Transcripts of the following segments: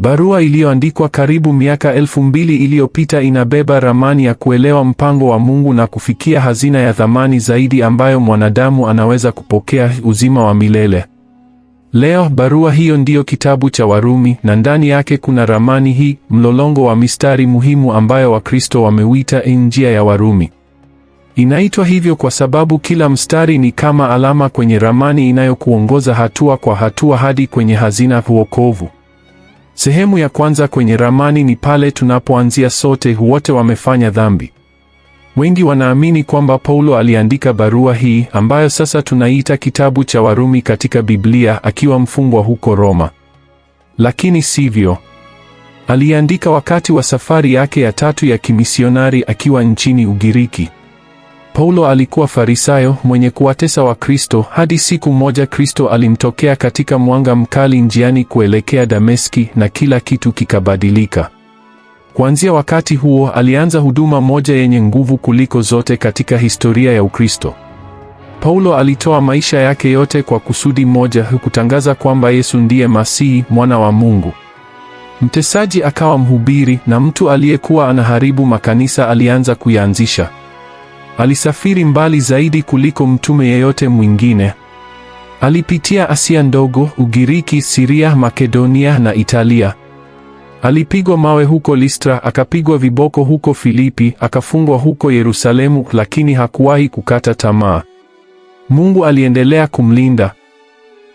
Barua iliyoandikwa karibu miaka elfu mbili iliyopita inabeba ramani ya kuelewa mpango wa Mungu na kufikia hazina ya thamani zaidi ambayo mwanadamu anaweza kupokea, uzima wa milele. Leo barua hiyo ndiyo kitabu cha Warumi, na ndani yake kuna ramani hii, mlolongo wa mistari muhimu ambayo Wakristo wameuita njia ya Warumi. Inaitwa hivyo kwa sababu kila mstari ni kama alama kwenye ramani inayokuongoza hatua kwa hatua hadi kwenye hazina, wokovu. Sehemu ya kwanza kwenye ramani ni pale tunapoanzia sote, wote wamefanya dhambi. Wengi wanaamini kwamba Paulo aliandika barua hii ambayo sasa tunaiita kitabu cha Warumi katika Biblia akiwa mfungwa huko Roma. Lakini sivyo. Aliandika wakati wa safari yake ya tatu ya kimisionari akiwa nchini Ugiriki. Paulo alikuwa Farisayo mwenye kuwatesa Wakristo hadi siku moja Kristo alimtokea katika mwanga mkali njiani kuelekea Dameski na kila kitu kikabadilika. Kuanzia wakati huo alianza huduma moja yenye nguvu kuliko zote katika historia ya Ukristo. Paulo alitoa maisha yake yote kwa kusudi moja, kutangaza kwamba Yesu ndiye Masihi, mwana wa Mungu. Mtesaji akawa mhubiri na mtu aliyekuwa anaharibu makanisa alianza kuyaanzisha. Alisafiri mbali zaidi kuliko mtume yeyote mwingine. Alipitia Asia ndogo, Ugiriki, Siria, Makedonia na Italia. Alipigwa mawe huko Listra, akapigwa viboko huko Filipi, akafungwa huko Yerusalemu, lakini hakuwahi kukata tamaa. Mungu aliendelea kumlinda.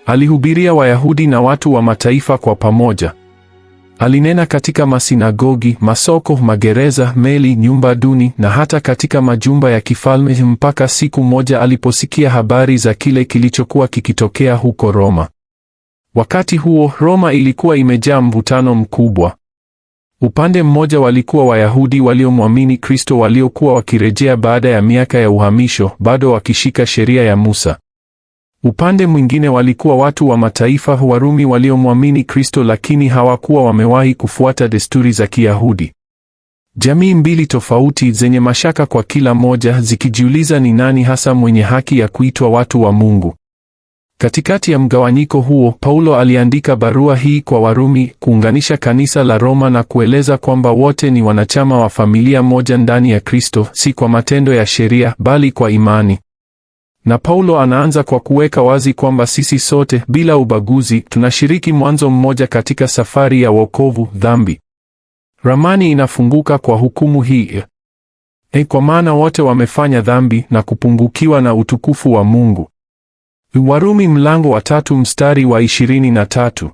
Alihubiria Wayahudi na watu wa mataifa kwa pamoja. Alinena katika masinagogi, masoko, magereza, meli, nyumba duni na hata katika majumba ya kifalme mpaka siku moja aliposikia habari za kile kilichokuwa kikitokea huko Roma. Wakati huo Roma ilikuwa imejaa mvutano mkubwa. Upande mmoja walikuwa Wayahudi waliomwamini Kristo waliokuwa wakirejea baada ya miaka ya uhamisho, bado wakishika sheria ya Musa. Upande mwingine walikuwa watu wa mataifa, Warumi waliomwamini Kristo, lakini hawakuwa wamewahi kufuata desturi za Kiyahudi. Jamii mbili tofauti zenye mashaka kwa kila moja, zikijiuliza ni nani hasa mwenye haki ya kuitwa watu wa Mungu. Katikati ya mgawanyiko huo, Paulo aliandika barua hii kwa Warumi kuunganisha kanisa la Roma na kueleza kwamba wote ni wanachama wa familia moja ndani ya Kristo, si kwa matendo ya sheria, bali kwa imani. Na Paulo anaanza kwa kuweka wazi kwamba sisi sote bila ubaguzi tunashiriki mwanzo mmoja katika safari ya wokovu dhambi. Ramani inafunguka kwa hukumu hii. E, kwa maana wote wamefanya dhambi na kupungukiwa na utukufu wa Mungu. Warumi mlango wa tatu mstari wa ishirini na tatu.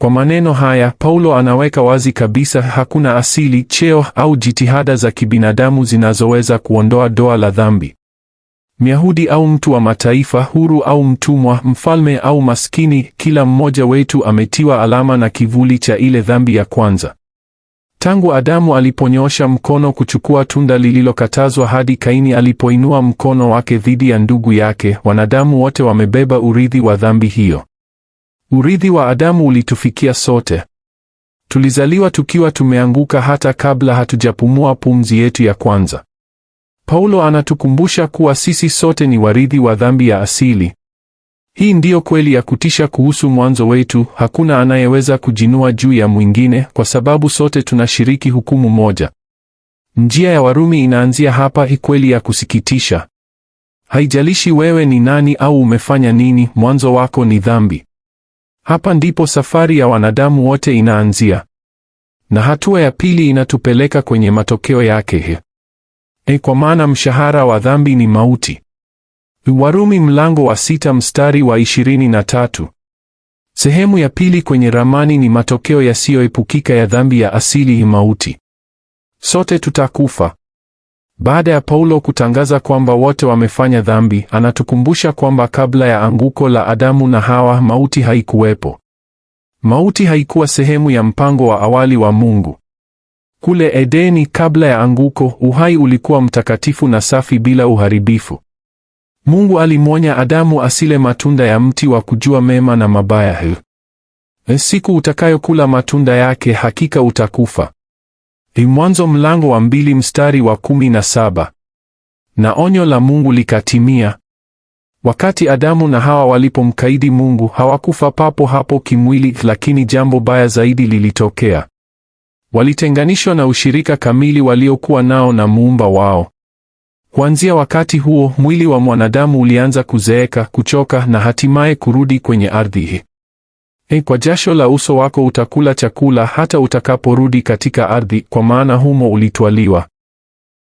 Kwa maneno haya Paulo anaweka wazi kabisa hakuna asili, cheo au jitihada za kibinadamu zinazoweza kuondoa doa la dhambi. Myahudi au mtu wa mataifa huru au mtumwa, mfalme au maskini, kila mmoja wetu ametiwa alama na kivuli cha ile dhambi ya kwanza. Tangu Adamu aliponyosha mkono kuchukua tunda lililokatazwa hadi Kaini alipoinua mkono wake dhidi ya ndugu yake, wanadamu wote wamebeba urithi wa dhambi hiyo. Urithi wa Adamu ulitufikia sote. Tulizaliwa tukiwa tumeanguka hata kabla hatujapumua pumzi yetu ya kwanza. Paulo anatukumbusha kuwa sisi sote ni warithi wa dhambi ya asili. Hii ndiyo kweli ya kutisha kuhusu mwanzo wetu. Hakuna anayeweza kujinua juu ya mwingine kwa sababu sote tunashiriki hukumu moja. Njia ya Warumi inaanzia hapa. Hii kweli ya kusikitisha. Haijalishi wewe ni nani au umefanya nini, mwanzo wako ni dhambi. Hapa ndipo safari ya wanadamu wote inaanzia, na hatua ya pili inatupeleka kwenye matokeo yake. E, kwa maana mshahara wa dhambi ni mauti. Warumi mlango wa sita mstari wa ishirini na tatu. Sehemu ya pili kwenye ramani ni matokeo yasiyoepukika ya dhambi ya asili, mauti. Sote tutakufa. Baada ya Paulo kutangaza kwamba wote wamefanya dhambi, anatukumbusha kwamba kabla ya anguko la Adamu na Hawa, mauti haikuwepo. Mauti haikuwa sehemu ya mpango wa awali wa Mungu. Kule Edeni kabla ya anguko, uhai ulikuwa mtakatifu na safi bila uharibifu. Mungu alimwonya Adamu asile matunda ya mti wa kujua mema na mabaya. E, siku utakayokula matunda yake hakika utakufa. Mwanzo mlango wa mbili mstari wa kumi na saba. Na onyo la Mungu likatimia. Wakati Adamu na Hawa walipomkaidi Mungu, hawakufa papo hapo kimwili, lakini jambo baya zaidi lilitokea. Walitenganishwa na ushirika kamili waliokuwa nao na muumba wao. Kuanzia wakati huo, mwili wa mwanadamu ulianza kuzeeka, kuchoka na hatimaye kurudi kwenye ardhi hii. Eh, kwa jasho la uso wako utakula chakula hata utakaporudi katika ardhi, kwa maana humo ulitwaliwa.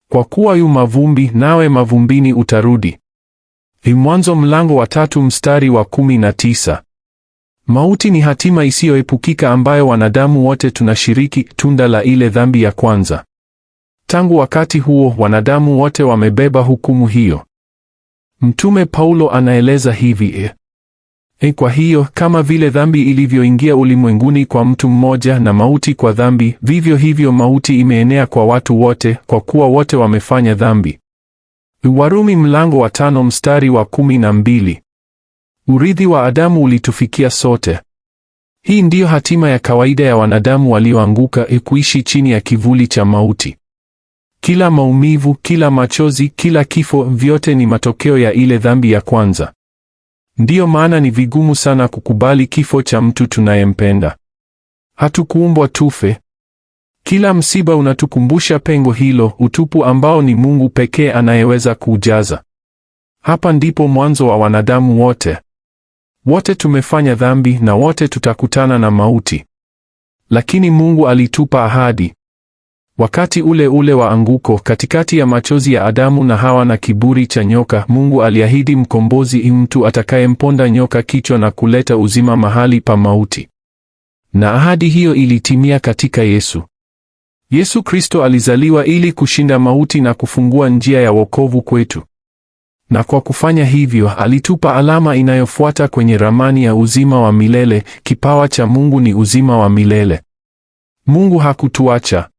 Kwa kuwa yu mavumbi, nawe mavumbini utarudi. Mwanzo mlango wa tatu mstari wa kumi na tisa. Mauti ni hatima isiyoepukika ambayo wanadamu wote tunashiriki, tunda la ile dhambi ya kwanza. Tangu wakati huo wanadamu wote wamebeba hukumu hiyo. Mtume Paulo anaeleza hivi e. E, kwa hiyo kama vile dhambi ilivyoingia ulimwenguni kwa mtu mmoja na mauti kwa dhambi, vivyo hivyo mauti imeenea kwa watu wote, kwa kuwa wote wamefanya dhambi. Warumi mlango wa tano mstari wa kumi na mbili. Urithi wa Adamu ulitufikia sote. Hii ndiyo hatima ya kawaida ya wanadamu walioanguka, kuishi chini ya kivuli cha mauti. Kila maumivu, kila machozi, kila kifo, vyote ni matokeo ya ile dhambi ya kwanza. Ndiyo maana ni vigumu sana kukubali kifo cha mtu tunayempenda. Hatukuumbwa tufe. Kila msiba unatukumbusha pengo hilo, utupu ambao ni Mungu pekee anayeweza kuujaza. Hapa ndipo mwanzo wa wanadamu wote. Wote tumefanya dhambi na wote tutakutana na mauti. Lakini Mungu alitupa ahadi. Wakati ule ule wa anguko, katikati ya machozi ya Adamu na Hawa na kiburi cha nyoka, Mungu aliahidi mkombozi, mtu atakayemponda nyoka kichwa na kuleta uzima mahali pa mauti. Na ahadi hiyo ilitimia katika Yesu. Yesu Kristo alizaliwa ili kushinda mauti na kufungua njia ya wokovu kwetu. Na kwa kufanya hivyo alitupa alama inayofuata kwenye ramani ya uzima wa milele. Kipawa cha Mungu ni uzima wa milele. Mungu hakutuacha.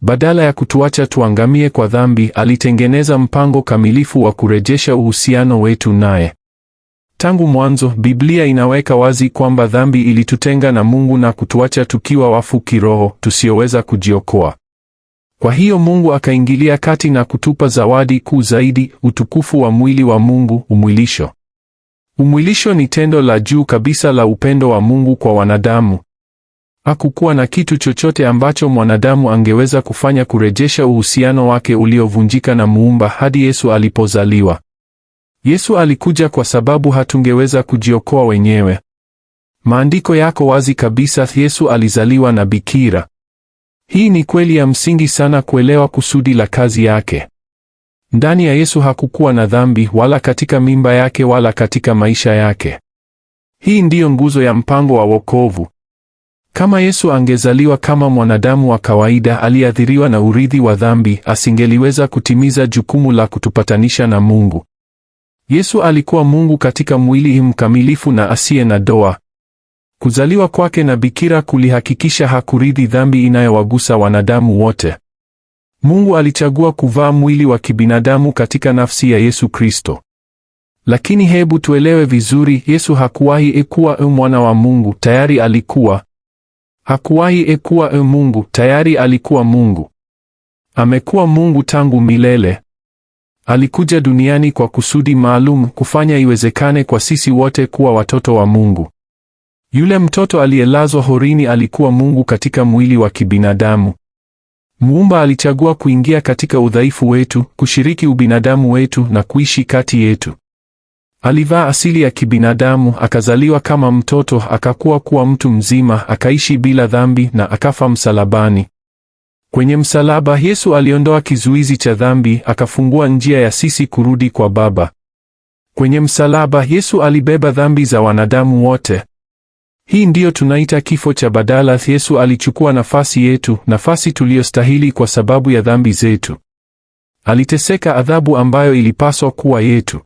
Badala ya kutuacha tuangamie kwa dhambi, alitengeneza mpango kamilifu wa kurejesha uhusiano wetu naye. Tangu mwanzo, Biblia inaweka wazi kwamba dhambi ilitutenga na Mungu na kutuacha tukiwa wafu kiroho, tusioweza kujiokoa. Kwa hiyo Mungu akaingilia kati na kutupa zawadi kuu zaidi, utukufu wa mwili wa Mungu, umwilisho. Umwilisho ni tendo la juu kabisa la upendo wa Mungu kwa wanadamu. Hakukuwa na kitu chochote ambacho mwanadamu angeweza kufanya kurejesha uhusiano wake uliovunjika na Muumba hadi Yesu alipozaliwa. Yesu alikuja kwa sababu hatungeweza kujiokoa wenyewe. Maandiko yako wazi kabisa, Yesu alizaliwa na bikira. Hii ni kweli ya msingi sana kuelewa kusudi la kazi yake. Ndani ya Yesu hakukuwa na dhambi wala katika mimba yake wala katika maisha yake. Hii ndiyo nguzo ya mpango wa wokovu. Kama Yesu angezaliwa kama mwanadamu wa kawaida aliyeathiriwa na urithi wa dhambi, asingeliweza kutimiza jukumu la kutupatanisha na Mungu. Yesu alikuwa Mungu katika mwili mkamilifu na asiye na doa, Kuzaliwa kwake na bikira kulihakikisha hakurithi dhambi inayowagusa wanadamu wote. Mungu alichagua kuvaa mwili wa kibinadamu katika nafsi ya Yesu Kristo. Lakini hebu tuelewe vizuri, Yesu hakuwahi ekuwa e mwana wa Mungu, tayari alikuwa. Hakuwahi ekuwa e Mungu, tayari alikuwa Mungu. Amekuwa Mungu tangu milele. Alikuja duniani kwa kusudi maalum, kufanya iwezekane kwa sisi wote kuwa watoto wa Mungu. Yule mtoto aliyelazwa horini alikuwa Mungu katika mwili wa kibinadamu. Muumba alichagua kuingia katika udhaifu wetu, kushiriki ubinadamu wetu na kuishi kati yetu. Alivaa asili ya kibinadamu, akazaliwa kama mtoto, akakuwa kuwa mtu mzima, akaishi bila dhambi na akafa msalabani. Kwenye msalaba, Yesu aliondoa kizuizi cha dhambi, akafungua njia ya sisi kurudi kwa Baba. Kwenye msalaba, Yesu alibeba dhambi za wanadamu wote. Hii ndiyo tunaita kifo cha badala. Yesu alichukua nafasi yetu, nafasi tuliyostahili kwa sababu ya dhambi zetu. Aliteseka adhabu ambayo ilipaswa kuwa yetu,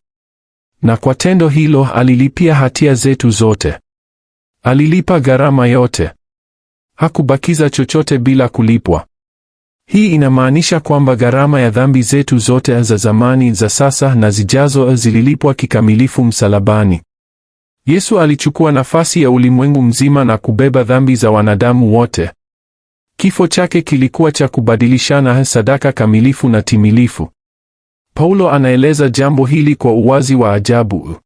na kwa tendo hilo alilipia hatia zetu zote. Alilipa gharama yote, hakubakiza chochote bila kulipwa. Hii inamaanisha kwamba gharama ya dhambi zetu zote za zamani, za sasa na zijazo zililipwa kikamilifu msalabani. Yesu alichukua nafasi ya ulimwengu mzima na kubeba dhambi za wanadamu wote. Kifo chake kilikuwa cha kubadilishana sadaka kamilifu na timilifu. Paulo anaeleza jambo hili kwa uwazi wa ajabu.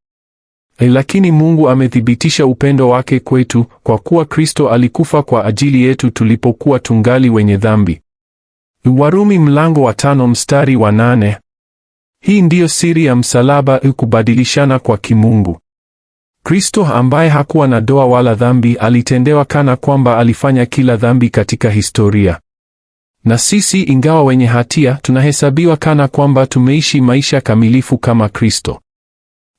E, lakini Mungu amethibitisha upendo wake kwetu kwa kuwa Kristo alikufa kwa ajili yetu tulipokuwa tungali wenye dhambi. Warumi mlango wa tano mstari wa nane. Hii ndiyo siri ya msalaba, kubadilishana kwa kimungu. Kristo ambaye hakuwa na doa wala dhambi alitendewa kana kwamba alifanya kila dhambi katika historia. Na sisi ingawa wenye hatia tunahesabiwa kana kwamba tumeishi maisha kamilifu kama Kristo.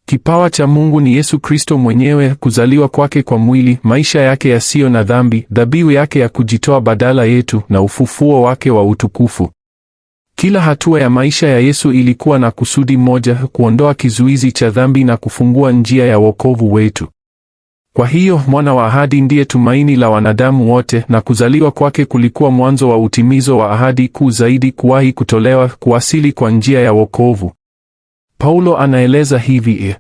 Kipawa cha Mungu ni Yesu Kristo mwenyewe, kuzaliwa kwake kwa mwili, maisha yake yasiyo na dhambi, dhabihu yake ya kujitoa badala yetu na ufufuo wake wa utukufu. Kila hatua ya maisha ya Yesu ilikuwa na kusudi moja, kuondoa kizuizi cha dhambi na kufungua njia ya wokovu wetu. Kwa hiyo mwana wa ahadi ndiye tumaini la wanadamu wote, na kuzaliwa kwake kulikuwa mwanzo wa utimizo wa ahadi kuu zaidi kuwahi kutolewa, kuwasili kwa njia ya wokovu. Paulo anaeleza hivi e.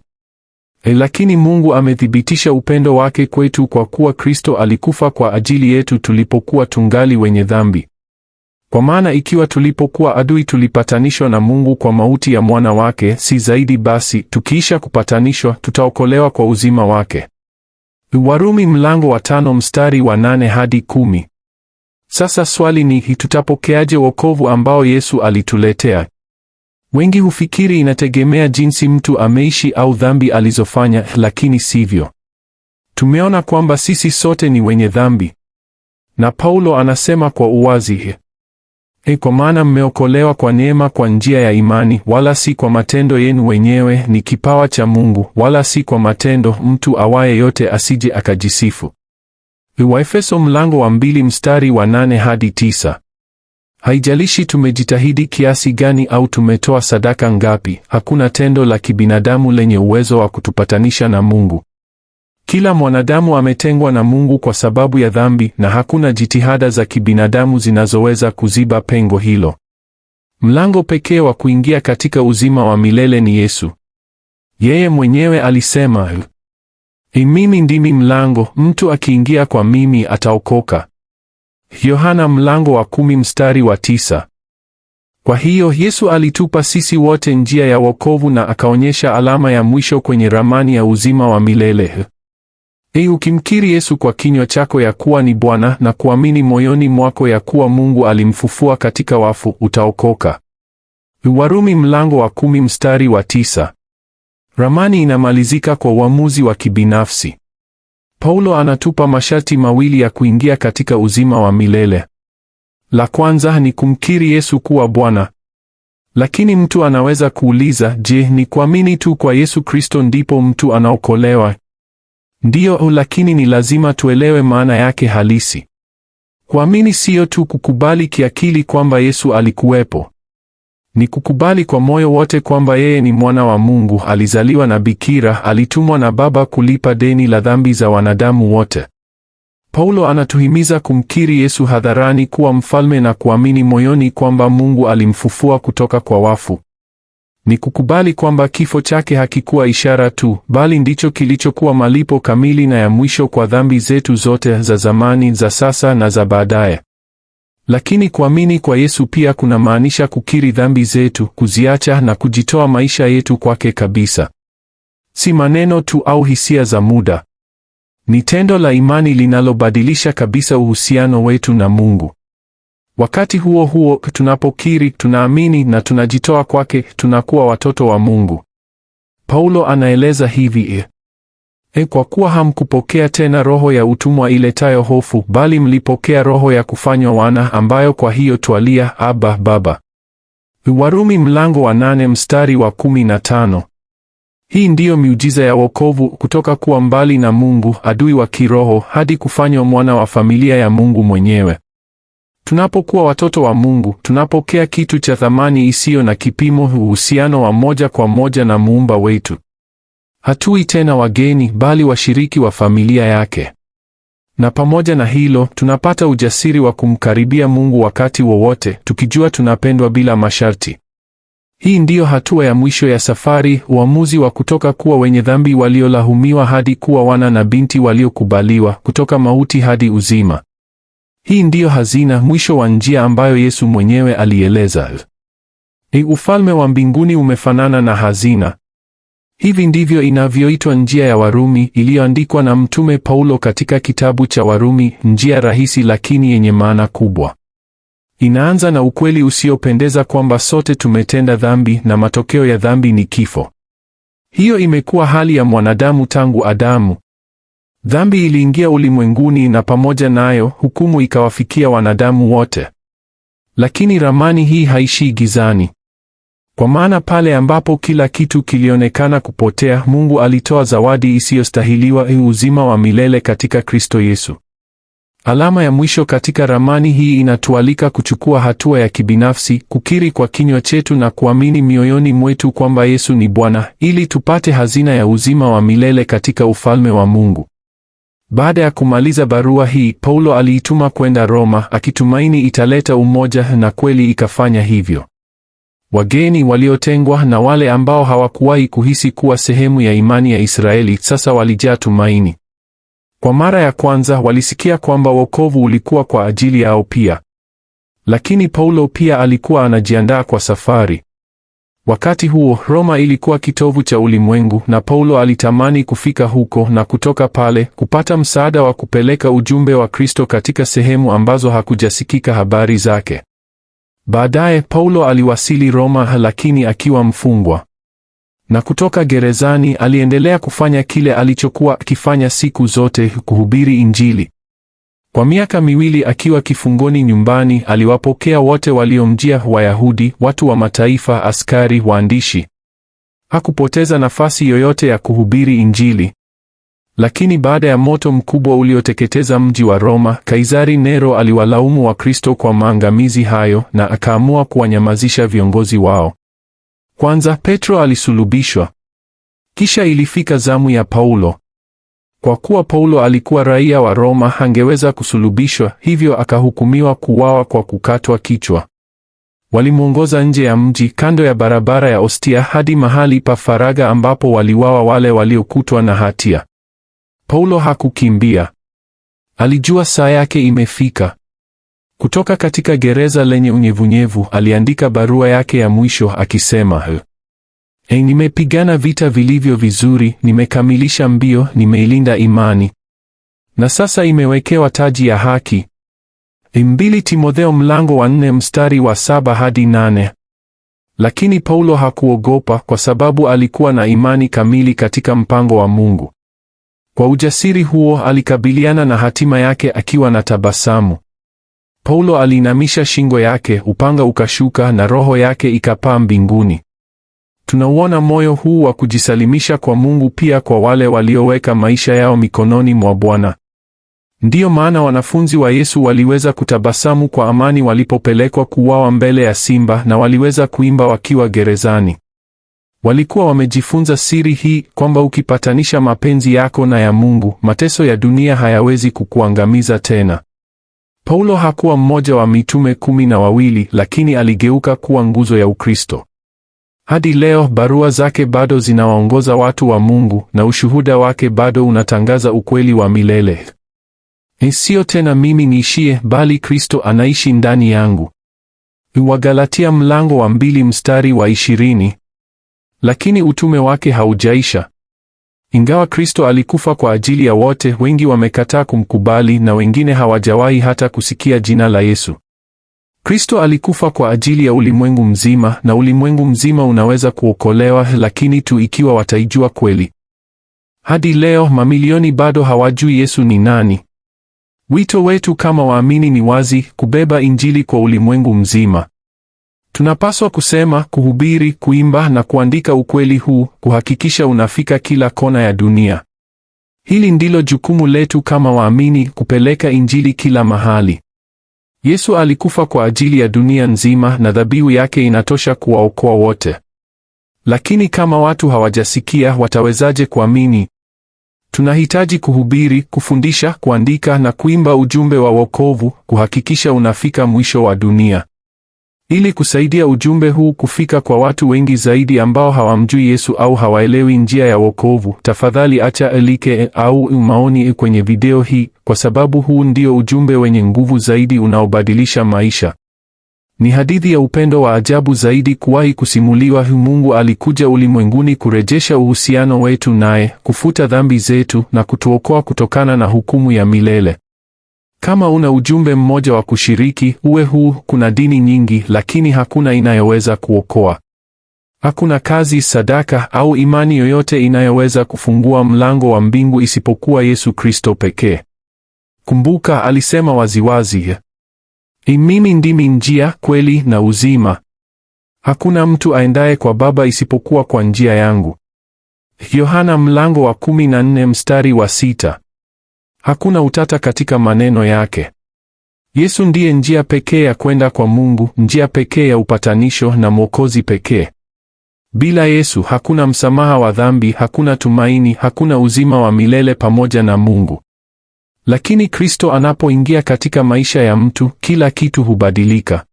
E, lakini Mungu amethibitisha upendo wake kwetu kwa kuwa Kristo alikufa kwa ajili yetu tulipokuwa tungali wenye dhambi. Kwa maana ikiwa tulipokuwa adui tulipatanishwa na Mungu kwa mauti ya mwana wake, si zaidi basi tukiisha kupatanishwa tutaokolewa kwa uzima wake. Warumi mlango wa tano mstari wa nane hadi kumi. Sasa swali ni tutapokeaje wokovu ambao Yesu alituletea? Wengi hufikiri inategemea jinsi mtu ameishi au dhambi alizofanya, lakini sivyo. Tumeona kwamba sisi sote ni wenye dhambi. Na Paulo anasema kwa uwazi, E, kwa maana mmeokolewa kwa neema kwa njia ya imani, wala si kwa matendo yenu wenyewe; ni kipawa cha Mungu, wala si kwa matendo, mtu awaye yote asije akajisifu. Waefeso mlango wa mbili mstari wa nane hadi tisa. Haijalishi tumejitahidi kiasi gani au tumetoa sadaka ngapi, hakuna tendo la kibinadamu lenye uwezo wa kutupatanisha na Mungu. Kila mwanadamu ametengwa na Mungu kwa sababu ya dhambi na hakuna jitihada za kibinadamu zinazoweza kuziba pengo hilo. Mlango pekee wa kuingia katika uzima wa milele ni Yesu. Yeye mwenyewe alisema, mimi ndimi mlango, mtu akiingia kwa mimi ataokoka. Yohana mlango wa kumi mstari wa tisa. Kwa hiyo Yesu alitupa sisi wote njia ya wokovu na akaonyesha alama ya mwisho kwenye ramani ya uzima wa milele. Hii ukimkiri Yesu kwa kinywa chako ya kuwa ni Bwana na kuamini moyoni mwako ya kuwa Mungu alimfufua katika wafu utaokoka. Warumi mlango wa kumi mstari wa tisa. Ramani inamalizika kwa uamuzi wa kibinafsi. Paulo anatupa masharti mawili ya kuingia katika uzima wa milele. La kwanza ni kumkiri Yesu kuwa Bwana. Lakini mtu anaweza kuuliza, je, ni kuamini tu kwa Yesu Kristo ndipo mtu anaokolewa? Ndiyo, lakini ni lazima tuelewe maana yake halisi. Kuamini siyo tu kukubali kiakili kwamba Yesu alikuwepo. Ni kukubali kwa moyo wote kwamba yeye ni mwana wa Mungu, alizaliwa na bikira, alitumwa na Baba kulipa deni la dhambi za wanadamu wote. Paulo anatuhimiza kumkiri Yesu hadharani kuwa mfalme na kuamini moyoni kwamba Mungu alimfufua kutoka kwa wafu. Ni kukubali kwamba kifo chake hakikuwa ishara tu, bali ndicho kilichokuwa malipo kamili na ya mwisho kwa dhambi zetu zote za zamani, za sasa na za baadaye. Lakini kuamini kwa Yesu pia kunamaanisha kukiri dhambi zetu, kuziacha na kujitoa maisha yetu kwake kabisa. Si maneno tu au hisia za muda. Ni tendo la imani linalobadilisha kabisa uhusiano wetu na Mungu. Wakati huo huo, tunapokiri, tunaamini na tunajitoa kwake, tunakuwa watoto wa Mungu. Paulo anaeleza hivi: E, kwa kuwa hamkupokea tena roho ya utumwa iletayo hofu, bali mlipokea roho ya kufanywa wana, ambayo kwa hiyo twalia Abba, Baba. Warumi mlango wa nane mstari wa kumi na tano. Hii ndiyo miujiza ya wokovu, kutoka kuwa mbali na Mungu, adui wa kiroho, hadi kufanywa mwana wa familia ya Mungu mwenyewe. Tunapokuwa watoto wa Mungu, tunapokea kitu cha thamani isiyo na kipimo, uhusiano wa moja kwa moja na muumba wetu. Hatui tena wageni, bali washiriki wa familia yake. Na pamoja na hilo, tunapata ujasiri wa kumkaribia Mungu wakati wowote, tukijua tunapendwa bila masharti. Hii ndiyo hatua ya mwisho ya safari, uamuzi wa kutoka kuwa wenye dhambi waliolahumiwa hadi kuwa wana na binti waliokubaliwa, kutoka mauti hadi uzima. Hii ndiyo hazina, mwisho wa njia ambayo Yesu mwenyewe alieleza. Ni ufalme wa mbinguni umefanana na hazina. Hivi ndivyo inavyoitwa njia ya Warumi iliyoandikwa na Mtume Paulo katika kitabu cha Warumi, njia rahisi lakini yenye maana kubwa. Inaanza na ukweli usiopendeza kwamba sote tumetenda dhambi na matokeo ya dhambi ni kifo. Hiyo imekuwa hali ya mwanadamu tangu Adamu, Dhambi iliingia ulimwenguni na pamoja nayo hukumu ikawafikia wanadamu wote. Lakini ramani hii haishii gizani. Kwa maana pale ambapo kila kitu kilionekana kupotea, Mungu alitoa zawadi isiyostahiliwa, uzima wa milele katika Kristo Yesu. Alama ya mwisho katika ramani hii inatualika kuchukua hatua ya kibinafsi, kukiri kwa kinywa chetu na kuamini mioyoni mwetu kwamba Yesu ni Bwana, ili tupate hazina ya uzima wa milele katika ufalme wa Mungu. Baada ya kumaliza barua hii, Paulo aliituma kwenda Roma akitumaini italeta umoja, na kweli ikafanya hivyo. Wageni waliotengwa na wale ambao hawakuwahi kuhisi kuwa sehemu ya imani ya Israeli sasa walijaa tumaini. Kwa mara ya kwanza walisikia kwamba wokovu ulikuwa kwa ajili yao pia. Lakini Paulo pia alikuwa anajiandaa kwa safari. Wakati huo Roma ilikuwa kitovu cha ulimwengu na Paulo alitamani kufika huko na kutoka pale kupata msaada wa kupeleka ujumbe wa Kristo katika sehemu ambazo hakujasikika habari zake. Baadaye Paulo aliwasili Roma lakini akiwa mfungwa. Na kutoka gerezani aliendelea kufanya kile alichokuwa akifanya siku zote, kuhubiri Injili. Kwa miaka miwili akiwa kifungoni nyumbani, aliwapokea wote waliomjia, Wayahudi, watu wa mataifa, askari, waandishi. Hakupoteza nafasi yoyote ya kuhubiri Injili. Lakini baada ya moto mkubwa ulioteketeza mji wa Roma, Kaisari Nero aliwalaumu Wakristo kwa maangamizi hayo na akaamua kuwanyamazisha viongozi wao. Kwanza Petro alisulubishwa. Kisha ilifika zamu ya Paulo. Kwa kuwa Paulo alikuwa raia wa Roma, hangeweza kusulubishwa, hivyo akahukumiwa kuuawa kwa kukatwa kichwa. Walimwongoza nje ya mji kando ya barabara ya Ostia hadi mahali pa faraga ambapo waliwawa wale waliokutwa na hatia. Paulo hakukimbia. Alijua saa yake imefika. Kutoka katika gereza lenye unyevunyevu, aliandika barua yake ya mwisho akisema E, nimepigana vita vilivyo vizuri, nimekamilisha mbio, nimeilinda imani, na sasa imewekewa taji ya haki. Mbili Timotheo mlango wa nne mstari wa saba hadi nane. Lakini Paulo hakuogopa kwa sababu alikuwa na imani kamili katika mpango wa Mungu. Kwa ujasiri huo alikabiliana na hatima yake akiwa na tabasamu. Paulo alinamisha shingo yake, upanga ukashuka na roho yake ikapaa mbinguni. Tunauona moyo huu wa kujisalimisha kwa Mungu pia kwa wale walioweka maisha yao mikononi mwa Bwana. Ndiyo maana wanafunzi wa Yesu waliweza kutabasamu kwa amani walipopelekwa kuuawa mbele ya simba na waliweza kuimba wakiwa gerezani. Walikuwa wamejifunza siri hii kwamba ukipatanisha mapenzi yako na ya Mungu, mateso ya dunia hayawezi kukuangamiza tena. Paulo hakuwa mmoja wa mitume kumi na wawili, lakini aligeuka kuwa nguzo ya Ukristo. Hadi leo barua zake bado zinawaongoza watu wa Mungu na ushuhuda wake bado unatangaza ukweli wa milele. Sio tena mimi niishie, bali Kristo anaishi ndani yangu. Wagalatia mlango wa mbili mstari wa ishirini. Lakini utume wake haujaisha. Ingawa Kristo alikufa kwa ajili ya wote, wengi wamekataa kumkubali na wengine hawajawahi hata kusikia jina la Yesu. Kristo alikufa kwa ajili ya ulimwengu mzima na ulimwengu mzima unaweza kuokolewa lakini tu ikiwa wataijua kweli. Hadi leo mamilioni bado hawajui Yesu ni nani. Wito wetu kama waamini ni wazi, kubeba injili kwa ulimwengu mzima. Tunapaswa kusema, kuhubiri, kuimba na kuandika ukweli huu, kuhakikisha unafika kila kona ya dunia. Hili ndilo jukumu letu kama waamini, kupeleka injili kila mahali. Yesu alikufa kwa ajili ya dunia nzima na dhabihu yake inatosha kuwaokoa wote. Lakini kama watu hawajasikia, watawezaje kuamini? Tunahitaji kuhubiri, kufundisha, kuandika na kuimba ujumbe wa wokovu, kuhakikisha unafika mwisho wa dunia. Ili kusaidia ujumbe huu kufika kwa watu wengi zaidi ambao hawamjui Yesu au hawaelewi njia ya wokovu, tafadhali acha like au maoni kwenye video hii kwa sababu huu ndio ujumbe wenye nguvu zaidi unaobadilisha maisha. Ni hadithi ya upendo wa ajabu zaidi kuwahi kusimuliwa. Mungu alikuja ulimwenguni kurejesha uhusiano wetu naye, kufuta dhambi zetu na kutuokoa kutokana na hukumu ya milele. Kama una ujumbe mmoja wa kushiriki, uwe huu. Kuna dini nyingi, lakini hakuna inayoweza kuokoa. Hakuna kazi, sadaka au imani yoyote inayoweza kufungua mlango wa mbingu isipokuwa Yesu Kristo pekee. Kumbuka alisema waziwazi, mimi ndimi njia, kweli na uzima. Hakuna mtu aendaye kwa Baba isipokuwa kwa njia yangu. Yohana mlango wa nne mstari wa sita. Hakuna utata katika maneno yake. Yesu ndiye njia pekee ya kwenda kwa Mungu, njia pekee ya upatanisho na Mwokozi pekee. Bila Yesu hakuna msamaha wa dhambi, hakuna tumaini, hakuna uzima wa milele pamoja na Mungu. Lakini Kristo anapoingia katika maisha ya mtu, kila kitu hubadilika.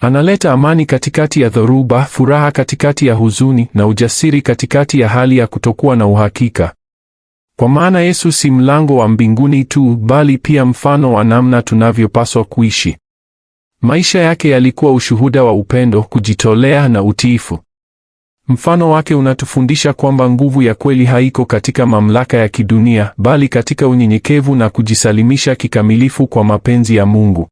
Analeta amani katikati ya dhoruba, furaha katikati ya huzuni, na ujasiri katikati ya hali ya kutokuwa na uhakika. Kwa maana Yesu si mlango wa mbinguni tu, bali pia mfano wa namna tunavyopaswa kuishi. Maisha yake yalikuwa ushuhuda wa upendo, kujitolea na utiifu. Mfano wake unatufundisha kwamba nguvu ya kweli haiko katika mamlaka ya kidunia, bali katika unyenyekevu na kujisalimisha kikamilifu kwa mapenzi ya Mungu.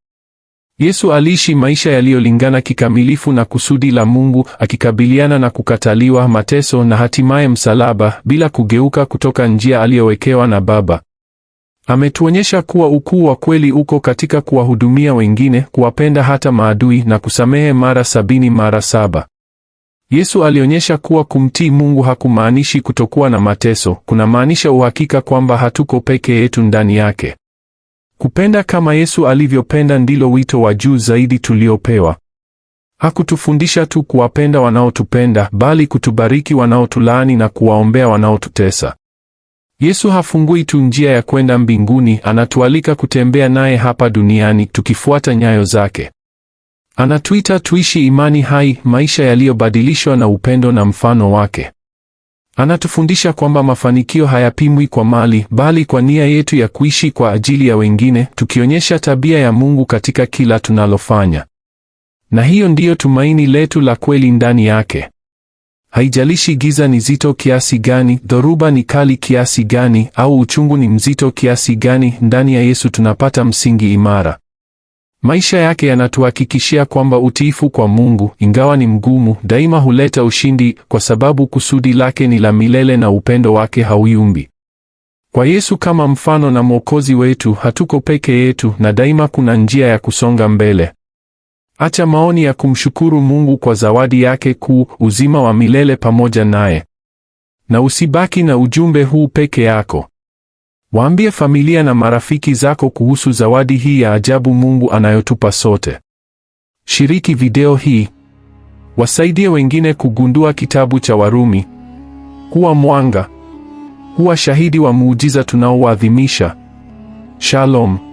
Yesu aliishi maisha yaliyolingana kikamilifu na kusudi la Mungu, akikabiliana na kukataliwa, mateso na hatimaye msalaba, bila kugeuka kutoka njia aliyowekewa na Baba. Ametuonyesha kuwa ukuu wa kweli uko katika kuwahudumia wengine, kuwapenda hata maadui na kusamehe mara sabini mara saba. Yesu alionyesha kuwa kumtii Mungu hakumaanishi kutokuwa na mateso, kunamaanisha uhakika kwamba hatuko peke yetu ndani yake. Kupenda kama Yesu alivyopenda ndilo wito wa juu zaidi tuliopewa. Hakutufundisha tu kuwapenda wanaotupenda, bali kutubariki wanaotulaani na kuwaombea wanaotutesa. Yesu hafungui tu njia ya kwenda mbinguni, anatualika kutembea naye hapa duniani tukifuata nyayo zake. Anatwita tuishi imani hai, maisha yaliyobadilishwa na upendo na mfano wake. Anatufundisha kwamba mafanikio hayapimwi kwa mali, bali kwa nia yetu ya kuishi kwa ajili ya wengine, tukionyesha tabia ya Mungu katika kila tunalofanya. Na hiyo ndiyo tumaini letu la kweli ndani yake. Haijalishi giza ni zito kiasi gani, dhoruba ni kali kiasi gani, au uchungu ni mzito kiasi gani, ndani ya Yesu tunapata msingi imara. Maisha yake yanatuhakikishia kwamba utiifu kwa Mungu, ingawa ni mgumu, daima huleta ushindi, kwa sababu kusudi lake ni la milele na upendo wake hauyumbi Kwa Yesu kama mfano na Mwokozi wetu, hatuko peke yetu na daima kuna njia ya kusonga mbele. Acha maoni ya kumshukuru Mungu kwa zawadi yake kuu, uzima wa milele pamoja naye. Na usibaki na ujumbe huu peke yako. Waambie familia na marafiki zako kuhusu zawadi hii ya ajabu Mungu anayotupa sote. Shiriki video hii. Wasaidie wengine kugundua kitabu cha Warumi. Kuwa mwanga. Kuwa shahidi wa muujiza tunaoadhimisha. Shalom.